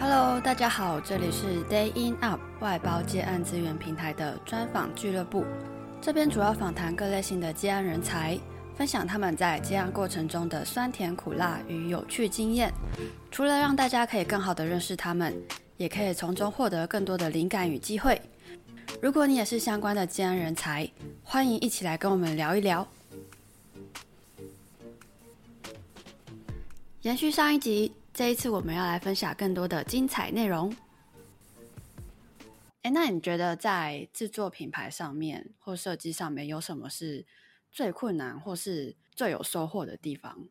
Hello，大家好，這裡是 DayinUP 外包接案資源平台的專訪俱樂部。這邊主要訪談各類型的接案人才，分享他們在接案過程中的酸甜苦辣與有趣經驗。除了讓大家可以更好的認識他們，也可以從中獲得更多的靈感與機會。如果你也是相關的接案人才，歡迎一起來跟我們聊一聊。延續上一集。這一次我們要來分享更多的精彩內容。哎，那你覺得在製作品牌上面或設計上面有什麼是最困難或是最有收穫的地方？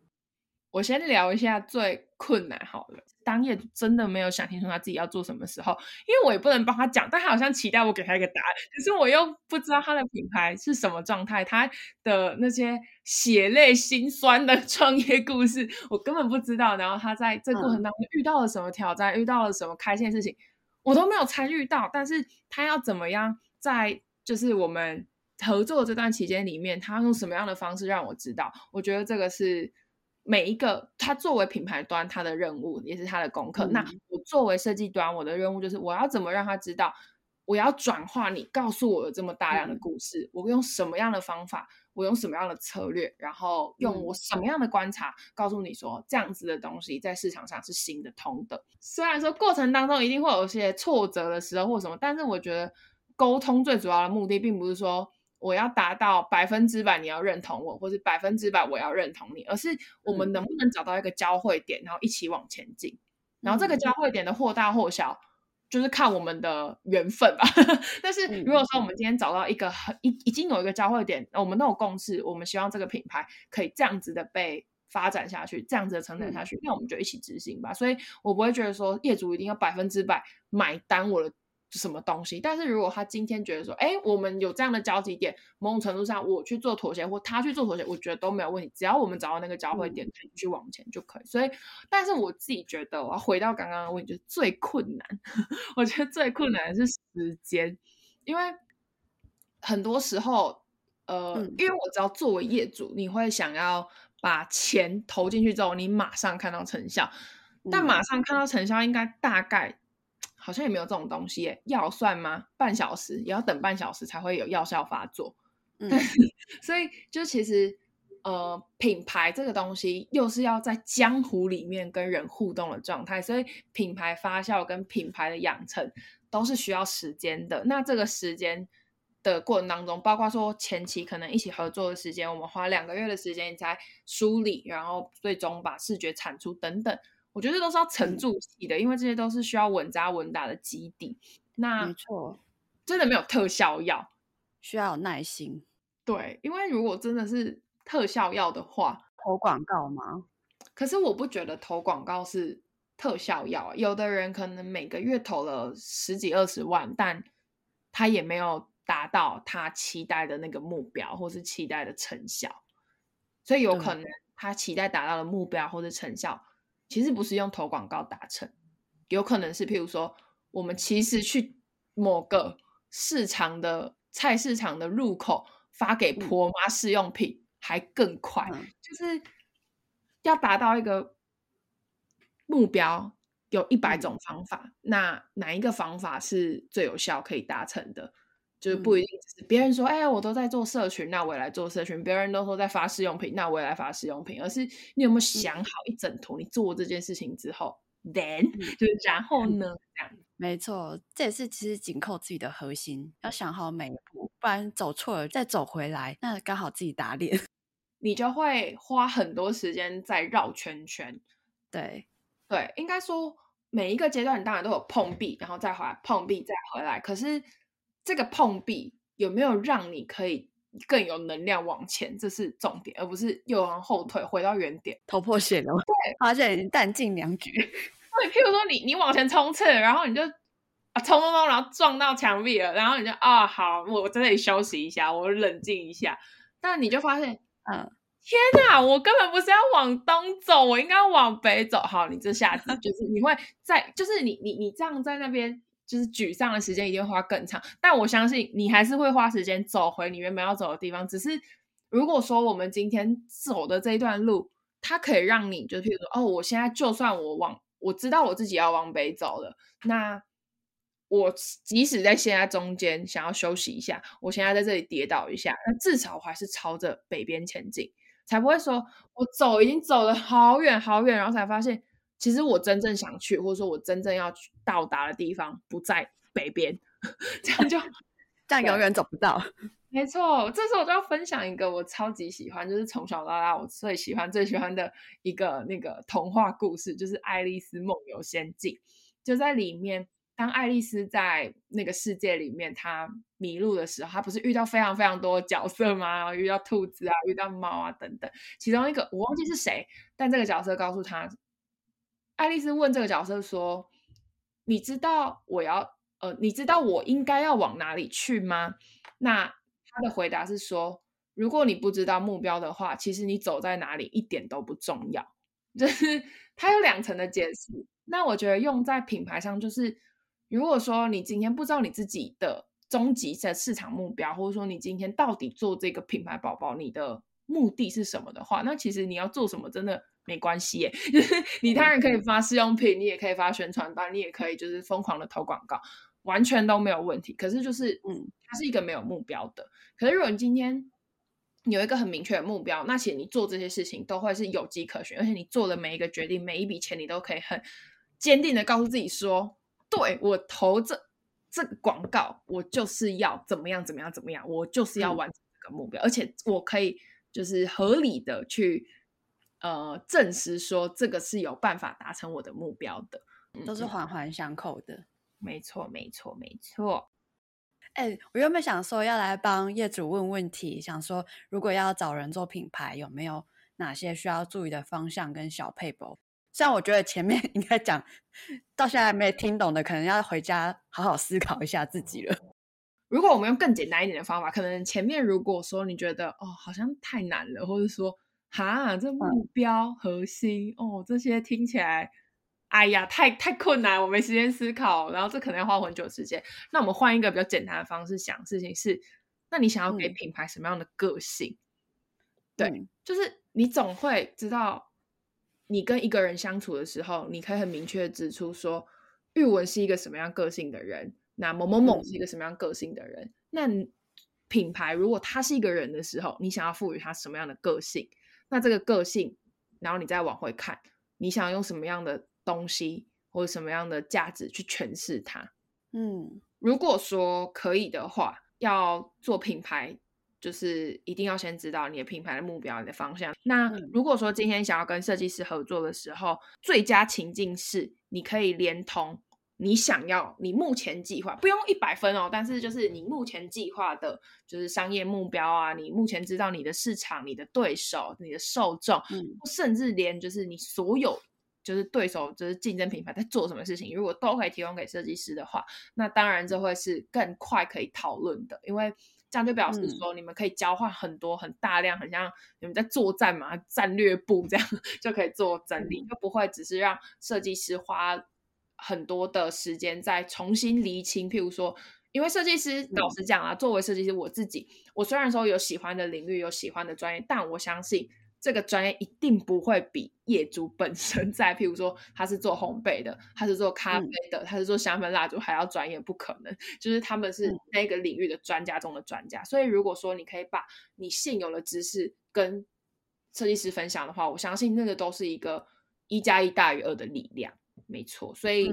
我先聊一下最困難好了。當業主真的沒有想清楚他自己要做什麼時候，因為我也不能幫他講，但他好像期待我給他一個答案。可是我又不知道他的品牌是什麼狀態，他的那些血淚心酸的創業故事，我根本不知道。然後他在這過程當中遇到了什麼挑戰，嗯、遇到了什麼開心的事情，我都沒有參與到。但是他要怎麼樣在就是我們合作這段期間裡面，他用什麼樣的方式讓我知道？我覺得這個是。每一個他作為品牌端，他的任務也是他的功課。嗯、那我作為設計端，我的任務就是我要怎麼讓他知道，我要轉化你告訴我有這麼大量的故事，嗯、我用什麼樣的方法，我用什麼樣的策略，然後用我什麼樣的觀察，告訴你說這樣子的東西在市場上是行得通的。雖然說過程當中一定會有些挫折的時候或什麼，但是我覺得溝通最主要的目的，並不是說。我要達到百分之百，你要認同我，或是百分之百我要認同你，而是我們能不能找到一個交匯點，嗯、然後一起往前進。然後這個交匯點的或大或小，嗯、就是看我們的緣分吧。 但是如果說我們今天找到一個很已已經有一個交匯點，我們都有共識，我們希望這個品牌可以這樣子的被發展下去，這樣子的成長下去，那、嗯、我們就一起執行吧。所以我不會覺得說業主一定要百分之百買單我的。什麼東西？但是如果他今天覺得說，哎，我們有這樣的交集點，某種程度上我去做妥協，或他去做妥協，我覺得都沒有問題。只要我們找到那個交匯點，嗯、去往前就可以。所以，但是我自己覺得，我要回到剛剛的問題，就是最困難。 我覺得最困難的是時間，嗯、因為很多時候，呃，嗯、因為我知道作為業主，你會想要把錢投進去之後，你馬上看到成效。嗯、但馬上看到成效，應該大概。好像也沒有這種東西耶，藥算嗎？半小時，也要等半小時才會有藥效發作。嗯，所以就其實呃，品牌這個東西又是要在江湖裡面跟人互動的狀態，所以品牌發酵跟品牌的養成都是需要時間的。那這個時間的過程當中，包括說前期可能一起合作的時間，我們花兩個月的時間在梳理，然後最終把視覺產出等等。我覺得都是要沉住氣的，嗯、因為這些都是需要穩扎穩打的基底。那沒錯，真的沒有特效藥，需要耐心。對，因為如果真的是特效藥的話，投廣告嗎？可是我不覺得投廣告是特效藥。有的人可能每個月投了十幾二十萬，但他也沒有達到他期待的那個目標，或是期待的成效。所以有可能他期待達到的目標，或是成效。嗯嗯其實不是用投廣告達成，有可能是譬如說，我們其實去某個市場的菜市場的入口發給婆媽試用品，還更快。嗯、就是要達到一個目標，有一百種方法，嗯、那哪一個方法是最有效可以達成的？就是不一定是，是別、嗯、人說，哎、欸、呀，我都在做社群，那我也來做社群；別人都說在發試用品，那我也來發試用品。而是你有沒有想好一整圖？你做這件事情之後，then、嗯、就是然後呢？嗯、這樣沒錯，這也是其實緊扣自己的核心，要想好每一步，不然走錯了再走回來，那剛好自己打臉，你就會花很多時間在繞圈圈。對對，應該說每一個階段，你當然都有碰壁，然後再回來碰壁，再回來。可是。這個碰壁有沒有讓你可以更有能量往前？這是重點，而不是又往後退，回到原點，頭破血流。對，而且已經彈盡糧絕。對，譬如說你，你你往前衝刺，然後你就啊，衝衝衝，然後撞到牆壁了，然後你就啊、哦，好，我我在那裡休息一下，我冷靜一下。但你就發現，嗯，天哪，我根本不是要往東走，我應該要往北走。好，你這下子就是你會在，就是你你你這樣在那邊。就是沮喪的時間一定會花更長，但我相信你還是會花時間走回你原本要走的地方。只是如果說我們今天走的這一段路，它可以讓你，就譬如說，哦，我現在就算我往，我知道我自己要往北走了，那我即使在現在中間想要休息一下，我現在在這裡跌倒一下，那至少我還是朝着北邊前進，才不會說我走已經走了好遠好遠，然後才發現。其實我真正想去，或者說我真正要去到達的地方，不在北邊，呵呵，這樣就但 永遠走不到。沒錯，這次我就要分享一個我超級喜歡，就是從小到大我最喜歡最喜歡的一個那個童話故事，就是《愛麗絲夢遊仙境》。就在裡面，當愛麗絲在那個世界裡面，她迷路的時候，她不是遇到非常非常多的角色嗎？然後遇到兔子啊，遇到貓啊等等。其中一個我忘記是誰，嗯、但這個角色告訴她。愛麗絲問這個角色說：“你知道我要……呃，你知道我應該要往哪裡去嗎？”那他的回答是說：“如果你不知道目標的話，其實你走在哪裡一點都不重要。”就是他有兩層的解釋。那我覺得用在品牌上，就是如果說你今天不知道你自己的終極的市場目標，或者說你今天到底做這個品牌寶寶，你的目的是什麼的話，那其實你要做什麼真的。沒關係耶，欸，就 是你當然可以發試用品，你也可以發宣傳單，你也可以就是瘋狂的投廣告，完全都沒有問題。可是就是，嗯，它是一個沒有目標的。嗯，可是如果你今天有一個很明確的目標，那其實你做這些事情都會是有跡可循，而且你做的每一個決定，每一筆錢，你都可以很堅定的告訴自己說：，對，我投這這個廣告，我就是要怎麼樣怎麼樣怎麼樣，我就是要完成這個目標，嗯，而且我可以就是合理的去。呃，證實說這個是有辦法達成我的目標的，都是環環相扣的。嗯，沒錯，沒錯，沒錯。哎、欸，我原本想說要來幫業主問問題，想說如果要找人做品牌，有沒有哪些需要注意的方向跟小撇步？像我覺得前面應該講到現在沒聽懂的，可能要回家好好思考一下自己了。如果我們用更簡單一點的方法，可能前面如果說你覺得哦，好像太難了，或者說。哈，這目標核心、嗯、哦，這些聽起來，哎呀，太太困難，我沒時間思考。然後這可能要花很久的時間。那我們換一個比較簡單的方式想的事情是，那你想要給品牌什麼樣的個性？嗯、對，就是你總會知道，你跟一個人相處的時候，你可以很明確地指出說，鈺雯是一個什麼樣個性的人，那某某某是一個什麼樣個性的人。嗯、那品牌如果他是一個人的時候，你想要賦予他什麼樣的個性？那這個個性，然後你再往回看，你想用什麼樣的東西或者什麼樣的價值去詮釋它？嗯，如果說可以的話，要做品牌，就是一定要先知道你的品牌的目標、你的方向。那如果說今天想要跟設計師合作的時候，嗯，最佳情境是你可以連同。你想要你目前計劃不用一百分哦，但是就是你目前計劃的，就是商業目標啊，你目前知道你的市場、你的對手、你的受眾，嗯、甚至連就是你所有就是對手就是競爭品牌在做什麼事情，如果都可以提供給設計師的話，那當然這會是更快可以討論的，因為這樣就表示說你們可以交換很多、嗯、很大量，很像你們在作戰嘛，戰略部這樣就可以做整理，嗯、就不會只是讓設計師花。很多的時間在重新釐清，譬如說，因為設計師老實講啊，嗯、作為設計師我自己，我雖然說有喜歡的領域，有喜歡的專業，但我相信這個專業一定不會比業主本身在，譬如說他是做烘焙的，他是做咖啡的，嗯、他是做香氛蠟燭，還要專業，不可能，就是他們是那個領域的專家中的專家。所以，如果說你可以把你現有的知識跟設計師分享的話，我相信那個都是一個一加一大於二的力量。沒錯，所以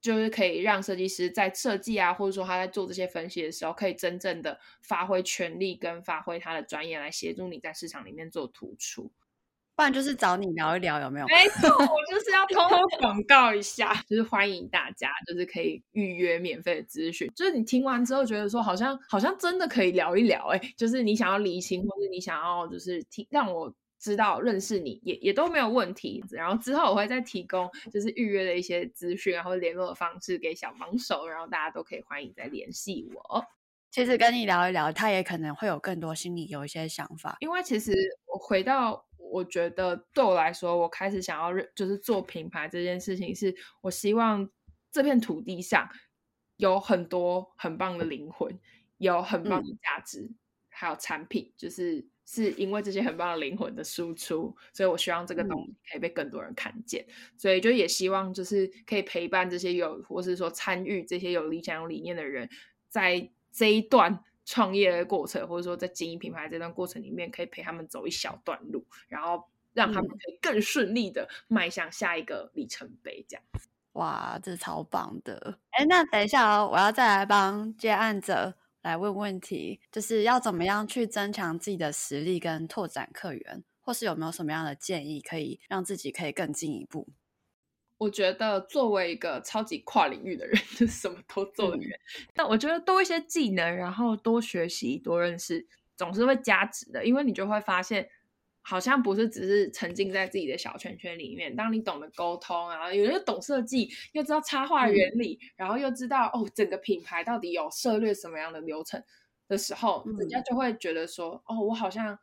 就是可以讓設計師在設計啊，嗯，或者說他在做這些分析的時候，可以真正的發揮權力跟發揮他的專業來協助你在市場裡面做突出，不然就是找你聊一聊有沒有？沒錯，我就是要偷偷廣告一下， 就是歡迎大家，就是可以預約免費的諮詢。就是你聽完之後覺得說好像好像真的可以聊一聊，欸，哎，就是你想要理清，或者你想要就是聽讓我。知道認識你也也都沒有問題，然後之後我會再提供就是預約的一些資訊，然後聯絡的方式給小幫手，然後大家都可以歡迎再聯繫我。其實跟你聊一聊，他也可能會有更多心裡有一些想法，因為其實我回到我覺得對我來說，我開始想要認就是做品牌這件事情是，是我希望這片土地上有很多很棒的靈魂，有很棒的價值，嗯、還有產品，就是。是因為這些很棒的靈魂的輸出，所以我希望這個東西可以被更多人看見，嗯、所以就也希望就是可以陪伴這些有，或是說參與這些有理想、有理念的人，在這一段創業的過程，或者說在經營品牌這段過程裡面，可以陪他們走一小段路，然後讓他們可以更順利的邁向下一個里程碑。這樣，哇，這超棒的！哎，那等一下哦，我要再來幫接案者。來問問題，就是要怎麼樣去增強自己的實力跟拓展客源，或是有沒有什麼樣的建議可以讓自己可以更進一步？我覺得作為一個超級跨領域的人，就是什麼都做的人，但是我覺得多一些技能，然後多學習、多認識，總是會加值的，因為你就會發現。好像不是只是沉浸在自己的小圈圈裡面。當你懂得溝通啊，有人懂設計，又知道插畫原理，嗯、然後又知道哦整個品牌到底有涉獵什麼樣的流程的時候，嗯、人家就會覺得說哦，我好像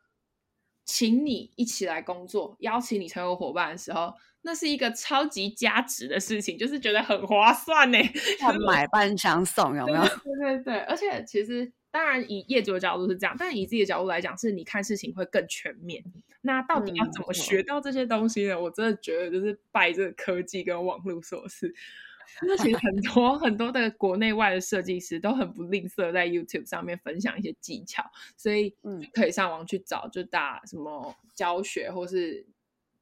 請你一起來工作，邀請你成為夥伴的時候，那是一個超級加值的事情，就是覺得很划算呢。買半箱送 有沒有？對對對，而且其實。當然，以業主的角度是這樣，但以自己的角度來講，是你看事情會更全面。那到底要怎麼學到這些東西呢？嗯、我真的覺得就是拜這個科技跟網絡所賜。那 其實很多很多的國內外的設計師都很不吝嗇在 YouTube 上面分享一些技巧，所以就可以上網去找，就打什麼教學或是。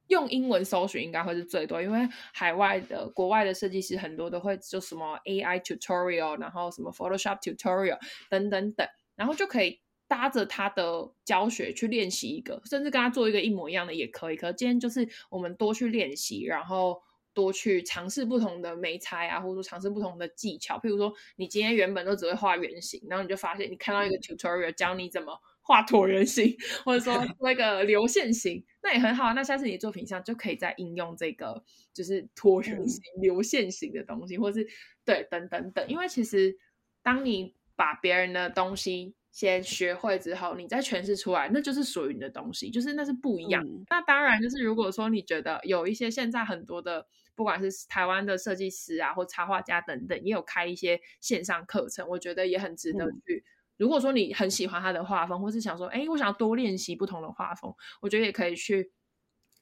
用英文搜尋應該會是最多，因為海外的國外的設計師很多都會做什麼 AI tutorial，然後什麼 Photoshop tutorial 等等等，然後就可以搭着他的教學去練習一個，甚至跟他做一個一模一樣的也可以。可是今天就是我們多去練習，然後多去嘗試不同的媒材啊，或者說嘗試不同的技巧。譬如說，你今天原本都只會畫圓形，然後你就發現你看到一個 tutorial 教你怎麼畫橢圓形，或者說那個流線型。 那也很好啊，那下次你的作品上就可以再應用這個，就是橢圓形、嗯、流線型的東西，或是對，等等等。因為其實，當你把別人的東西先學會之後，你再詮釋出來，那就是屬於你的東西，就是那是不一樣。嗯、那當然就是，如果說你覺得有一些現在很多的，不管是台灣的設計師啊，或插畫家等等，也有開一些線上課程，我覺得也很值得去。嗯如果說你很喜歡他的畫風，或是想說，哎，我想要多練習不同的畫風，我覺得也可以去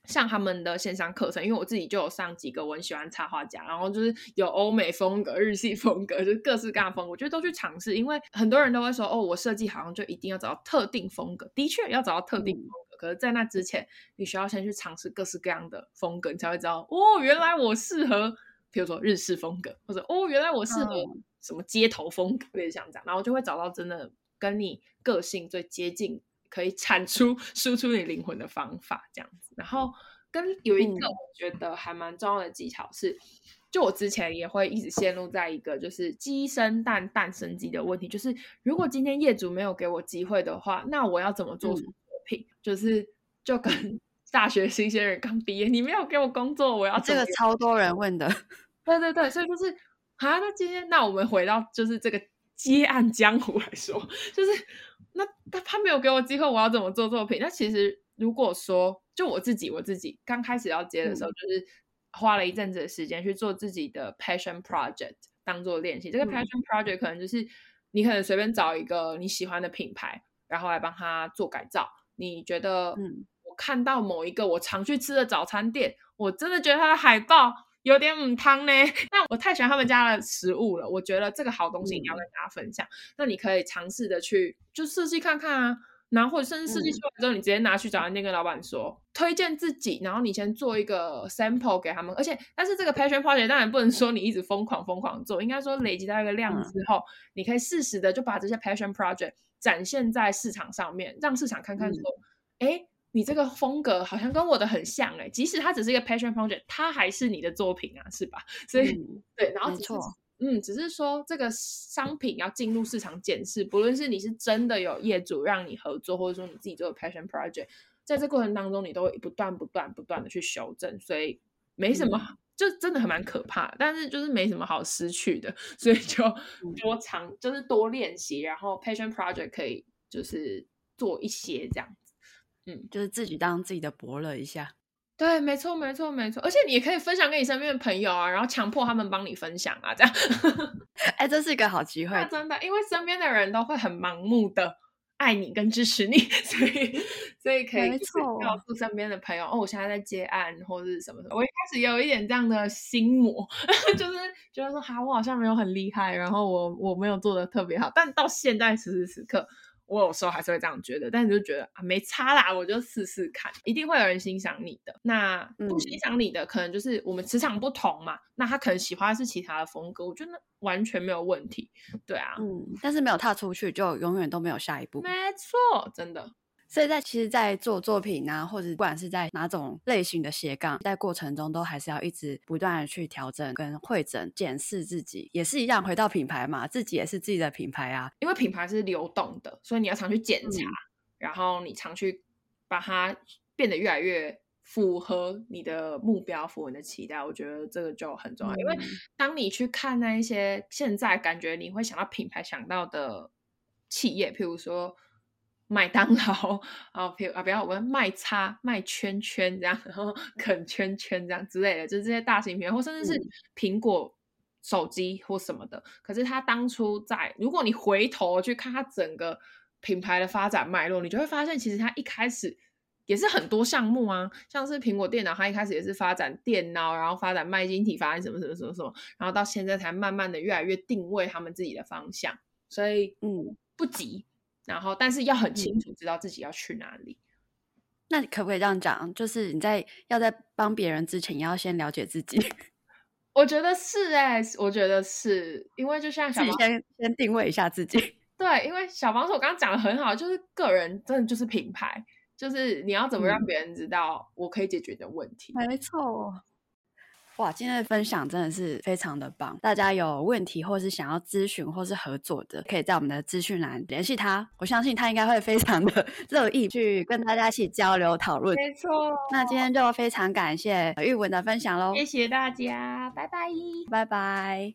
上他們的線上課程，因為我自己就有上幾個我很喜歡插畫家，然後就是有歐美風格、日系風格，就是、各式各樣的風格，我覺得都去嘗試。因為很多人都會說，哦，我設計好像就一定要找到特定風格，的確要找到特定風格，嗯、可是，在那之前，你需要先去嘗試各式各樣的風格，你才會知道，哦，原來我適合，譬如說日式風格，或者，哦，原來我適合。嗯什麼街頭風格，想這樣，然後就會找到真的跟你個性最接近，可以產出輸出你靈魂的方法這樣子。然後跟有一個我覺得還蠻重要的技巧是，嗯、就我之前也會一直陷入在一個就是雞生蛋蛋生雞的問題，就是如果今天業主沒有給我機會的話，那我要怎麼做品？嗯、就是就跟大學新鮮人剛畢業，你沒有給我工作，我要這個超多人問的， 對對對，所以就是。啊，那今天那我們回到就是這個接案江湖來說，就是那他他沒有給我機會，我要怎麼做作品？那其實如果說就我自己，我自己剛開始要接的時候，就是花了一陣子的時間去做自己的 passion project 當做練習。這個 passion project 可能就是你可能隨便找一個你喜歡的品牌，然後來幫他做改造。你覺得，嗯，我看到某一個我常去吃的早餐店，我真的覺得它的海報。有點嗯湯呢，但我太喜歡他們家的食物了，我覺得這個好東西你要跟大家分享。嗯、那你可以嘗試的去就設計看看啊，然後或者甚至設計完之後，你直接拿去找那店跟老板說、嗯、推薦自己，然後你先做一個 sample 給他們。而且，但是這個 passion project 當然不能說你一直瘋狂瘋狂做，應該說累積到一個量之後，嗯、你可以適時的就把這些 passion project 展現在市場上面，讓市場看看說，哎、嗯。誒你這個風格好像跟我的很像哎，欸，即使它只是一個 passion project，它還是你的作品啊，是吧？所以，嗯、對，然後沒錯、嗯，只是說這個商品要進入市場檢視，不論是你是真的有業主讓你合作，或者說你自己做的 passion project，在這過程當中，你都會不斷、不斷、不斷的去修正，所以沒什麼，嗯、就真的很蠻可怕，但是就是沒什麼好失去的，所以就多嘗，嗯、就是多練習，然後 passion project 可以就是做一些這樣。嗯，就是自己當自己的伯樂一下，對，沒錯，沒錯，沒錯，而且你也可以分享給你身邊的朋友啊，然後強迫他們幫你分享啊，這樣，哎、 欸，這是一個好機會、啊，真的，因為身邊的人都會很盲目的愛你跟支持你，所以所以可以、喔、告訴身邊的朋友，哦，我現在在接案或者什麼什麼。我一開始有一點這樣的心魔， 就是覺得說，哈，我好像沒有很厲害，然後我我沒有做的特別好，但到現在此時此刻。我有時候還是會這樣覺得，但是就覺得啊，沒差啦，我就試試看，一定會有人欣賞你的。那不欣賞你的，可能就是我們磁場不同嘛。嗯，那他可能喜歡的是其他的風格，我覺得那完全沒有問題。對啊，嗯，但是沒有踏出去，就永遠都沒有下一步。沒錯，真的。所以在其實，在做作品啊，或者不管是在哪種類型的斜槓，在過程中都還是要一直不斷的去調整，整、跟彙整、檢視自己，也是一樣。回到品牌嘛，自己也是自己的品牌啊。因為品牌是流動的，所以你要常去檢查，嗯、然後你常去把它變得越來越符合你的目標、符合你的期待。我覺得這個就很重要，嗯、因為當你去看那一些現在感覺你會想到品牌想到的企業，譬如說。麥當勞啊、哦，比啊，不要我們賣叉賣圈圈這樣，然後啃圈圈這樣之類的，就是這些大型品牌，或甚至是蘋果手機或什麼的。嗯、可是他當初在，如果你回頭去看他整個品牌的發展脈絡，你就會發現，其實他一開始也是很多項目啊，像是蘋果電腦，他一開始也是發展電腦，然後發展賣晶體，發展什麼什麼什麼什麼，然後到現在才慢慢的越來越定位他們自己的方向。所以，嗯，不急。然後，但是要很清楚知道自己要去哪裡。嗯、那你可不可以這樣講？就是你在要在幫別人之前，你要先了解自己。我覺得是哎、欸，我覺得是因為就像小王先先定位一下自己。對，因為小王所剛剛講的很好，就是個人真的就是品牌，就是你要怎麼讓別人知道、嗯、我可以解決的問題。還沒錯、哦。哇，今天的分享真的是非常的棒！大家有問題或是想要諮詢或是合作的，可以在我們的資訊欄聯繫他。我相信他應該會非常的樂意去跟大家一起交流討論。沒錯錯，那今天就非常感謝鈺雯的分享嘍！謝謝大家，拜拜，拜拜。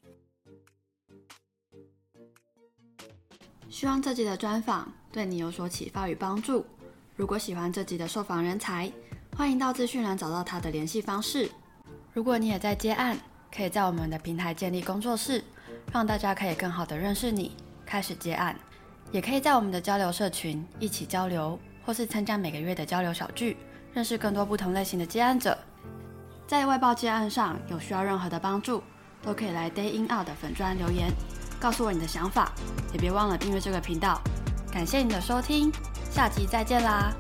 希望這集的專訪對你有所啟發與幫助。如果喜歡這集的受訪人才，歡迎到資訊欄找到他的聯繫方式。如果你也在接案，可以在我們的平台建立工作室，讓大家可以更好的認識你，開始接案；也可以在我們的交流社群一起交流，或是參加每個月的交流小聚，認識更多不同類型的接案者。在外包接案上有需要任何的幫助，都可以來 DayinUP 的粉專留言，告訴我你的想法，也別忘了訂閱這個頻道。感謝你的收聽，下集再見啦！